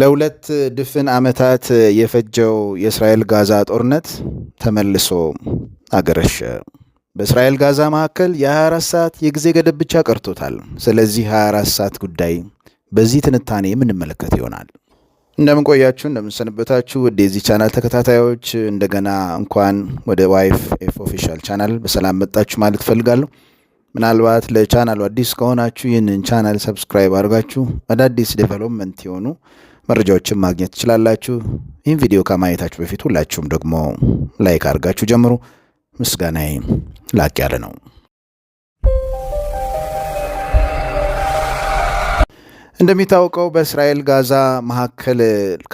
ለሁለት ድፍን ዓመታት የፈጀው የእስራኤል ጋዛ ጦርነት ተመልሶ አገረሸ። በእስራኤል ጋዛ መካከል የ24 ሰዓት የጊዜ ገደብ ብቻ ቀርቶታል። ስለዚህ 24 ሰዓት ጉዳይ በዚህ ትንታኔ የምንመለከት ይሆናል። እንደምንቆያችሁ እንደምንሰንበታችሁ ወደ የዚህ ቻናል ተከታታዮች እንደገና እንኳን ወደ ዋይፍ ኤፍ ኦፊሻል ቻናል በሰላም መጣችሁ ማለት እፈልጋለሁ። ምናልባት ለቻናሉ አዲስ ከሆናችሁ ይህንን ቻናል ሰብስክራይብ አድርጋችሁ አዳዲስ ዴቨሎፕመንት የሆኑ መረጃዎችን ማግኘት ትችላላችሁ። ይህን ቪዲዮ ከማየታችሁ በፊት ሁላችሁም ደግሞ ላይክ አድርጋችሁ ጀምሩ። ምስጋናዬ ላቅ ያለ ነው። እንደሚታወቀው በእስራኤል ጋዛ መካከል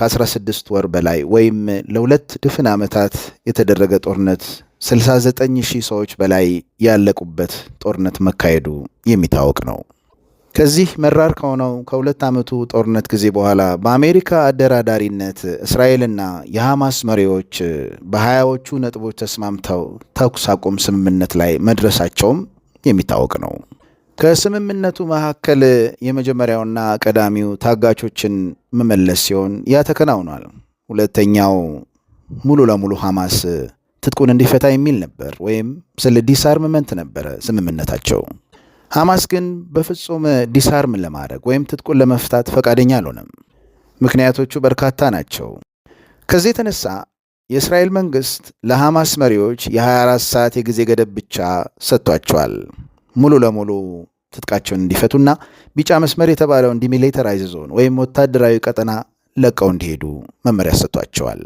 ከ16 ወር በላይ ወይም ለሁለት ድፍን ዓመታት የተደረገ ጦርነት 69 ሺህ ሰዎች በላይ ያለቁበት ጦርነት መካሄዱ የሚታወቅ ነው። ከዚህ መራር ከሆነው ከሁለት ዓመቱ ጦርነት ጊዜ በኋላ በአሜሪካ አደራዳሪነት እስራኤልና የሐማስ መሪዎች በሀያዎቹ ነጥቦች ተስማምተው ተኩስ አቁም ስምምነት ላይ መድረሳቸውም የሚታወቅ ነው። ከስምምነቱ መካከል የመጀመሪያውና ቀዳሚው ታጋቾችን መመለስ ሲሆን ያ ተከናውኗል። ሁለተኛው ሙሉ ለሙሉ ሐማስ ትጥቁን እንዲፈታ የሚል ነበር፣ ወይም ስለ ዲስአርምመንት ነበረ ስምምነታቸው። ሐማስ ግን በፍጹም ዲሳርም ለማድረግ ወይም ትጥቁን ለመፍታት ፈቃደኛ አልሆነም። ምክንያቶቹ በርካታ ናቸው። ከዚህ የተነሳ የእስራኤል መንግሥት ለሐማስ መሪዎች የ24 ሰዓት የጊዜ ገደብ ብቻ ሰጥቷቸዋል። ሙሉ ለሙሉ ትጥቃቸውን እንዲፈቱና ቢጫ መስመር የተባለውን ዲሚሊተራይዝ ዞን ወይም ወታደራዊ ቀጠና ለቀው እንዲሄዱ መመሪያ ሰጥቷቸዋል።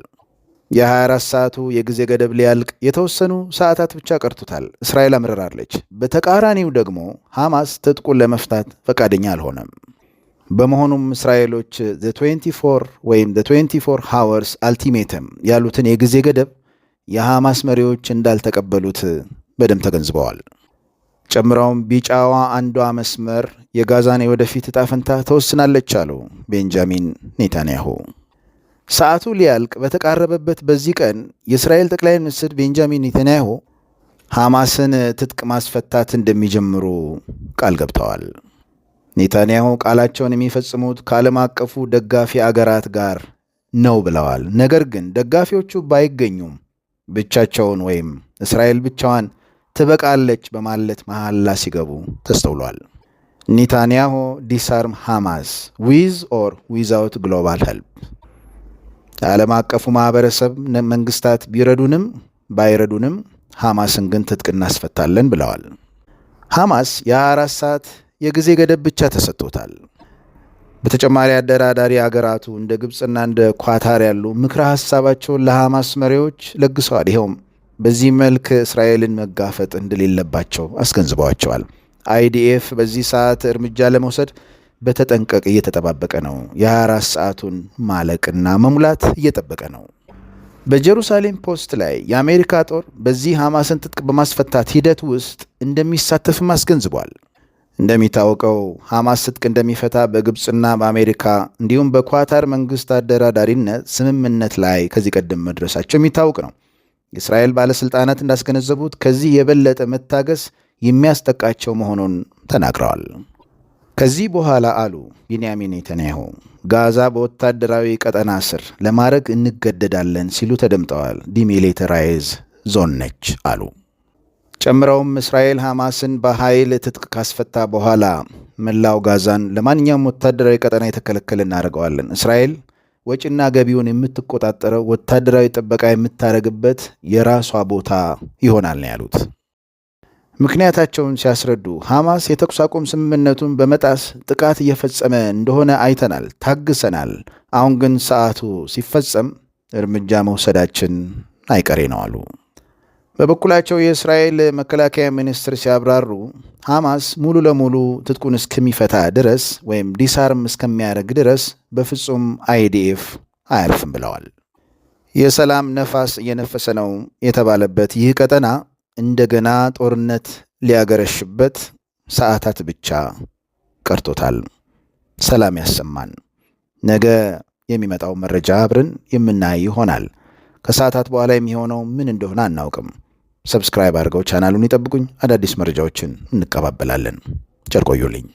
የ24 ሰዓቱ የጊዜ ገደብ ሊያልቅ የተወሰኑ ሰዓታት ብቻ ቀርቶታል። እስራኤል አምርራለች። በተቃራኒው ደግሞ ሐማስ ትጥቁን ለመፍታት ፈቃደኛ አልሆነም። በመሆኑም እስራኤሎች ዘ 24 ወይም ዘ 24 ሃወርስ አልቲሜተም ያሉትን የጊዜ ገደብ የሐማስ መሪዎች እንዳልተቀበሉት በደንብ ተገንዝበዋል። ጨምረውም ቢጫዋ አንዷ መስመር የጋዛን የወደፊት እጣ ፈንታ ተወስናለች አሉ ቤንጃሚን ኔታንያሁ። ሰዓቱ ሊያልቅ በተቃረበበት በዚህ ቀን የእስራኤል ጠቅላይ ሚኒስትር ቤንጃሚን ኔታንያሁ ሐማስን ትጥቅ ማስፈታት እንደሚጀምሩ ቃል ገብተዋል። ኔታንያሁ ቃላቸውን የሚፈጽሙት ከዓለም አቀፉ ደጋፊ አገራት ጋር ነው ብለዋል። ነገር ግን ደጋፊዎቹ ባይገኙም ብቻቸውን ወይም እስራኤል ብቻዋን ትበቃለች በማለት መሐላ ሲገቡ ተስተውሏል። ኔታንያሁ ዲሳርም ሃማስ ዊዝ ኦር ዊዛውት ግሎባል ሄልፕ ዓለም አቀፉ ማህበረሰብ መንግስታት ቢረዱንም ባይረዱንም ሐማስን ግን ትጥቅ እናስፈታለን ብለዋል። ሐማስ የ24 ሰዓት የጊዜ ገደብ ብቻ ተሰጥቶታል። በተጨማሪ አደራዳሪ አገራቱ እንደ ግብፅና እንደ ኳታር ያሉ ምክረ ሀሳባቸውን ለሐማስ መሪዎች ለግሰዋል። ይኸውም በዚህ መልክ እስራኤልን መጋፈጥ እንደሌለባቸው አስገንዝበዋቸዋል። አይዲኤፍ በዚህ ሰዓት እርምጃ ለመውሰድ በተጠንቀቅ እየተጠባበቀ ነው። የ24 ሰዓቱን ማለቅና መሙላት እየጠበቀ ነው። በጀሩሳሌም ፖስት ላይ የአሜሪካ ጦር በዚህ ሐማስን ትጥቅ በማስፈታት ሂደት ውስጥ እንደሚሳተፍም አስገንዝቧል። እንደሚታወቀው ሐማስ ትጥቅ እንደሚፈታ በግብፅና በአሜሪካ እንዲሁም በኳታር መንግሥት አደራዳሪነት ስምምነት ላይ ከዚህ ቀደም መድረሳቸው የሚታወቅ ነው። የእስራኤል ባለሥልጣናት እንዳስገነዘቡት ከዚህ የበለጠ መታገስ የሚያስጠቃቸው መሆኑን ተናግረዋል። ከዚህ በኋላ አሉ ቢንያሚን ኔተንያሁ ጋዛ በወታደራዊ ቀጠና ስር ለማድረግ እንገደዳለን ሲሉ ተደምጠዋል። ዲሚሊተራይዝ ዞን ነች አሉ። ጨምረውም እስራኤል ሐማስን በኃይል ትጥቅ ካስፈታ በኋላ መላው ጋዛን ለማንኛውም ወታደራዊ ቀጠና የተከለከለ እናደርገዋለን። እስራኤል ወጪና ገቢውን የምትቆጣጠረው ወታደራዊ ጥበቃ የምታደርግበት የራሷ ቦታ ይሆናል ነው ያሉት። ምክንያታቸውን ሲያስረዱ ሐማስ የተኩስ አቁም ስምምነቱን በመጣስ ጥቃት እየፈጸመ እንደሆነ አይተናል፣ ታግሰናል። አሁን ግን ሰዓቱ ሲፈጸም እርምጃ መውሰዳችን አይቀሬ ነው አሉ። በበኩላቸው የእስራኤል መከላከያ ሚኒስትር ሲያብራሩ ሐማስ ሙሉ ለሙሉ ትጥቁን እስከሚፈታ ድረስ ወይም ዲሳርም እስከሚያደርግ ድረስ በፍጹም አይዲኤፍ አያልፍም ብለዋል። የሰላም ነፋስ እየነፈሰ ነው የተባለበት ይህ ቀጠና እንደገና ጦርነት ሊያገረሽበት ሰዓታት ብቻ ቀርቶታል። ሰላም ያሰማን። ነገ የሚመጣው መረጃ አብረን የምናይ ይሆናል። ከሰዓታት በኋላ የሚሆነው ምን እንደሆነ አናውቅም። ሰብስክራይብ አድርገው ቻናሉን ይጠብቁኝ። አዳዲስ መረጃዎችን እንቀባበላለን። ቸር ቆዩልኝ።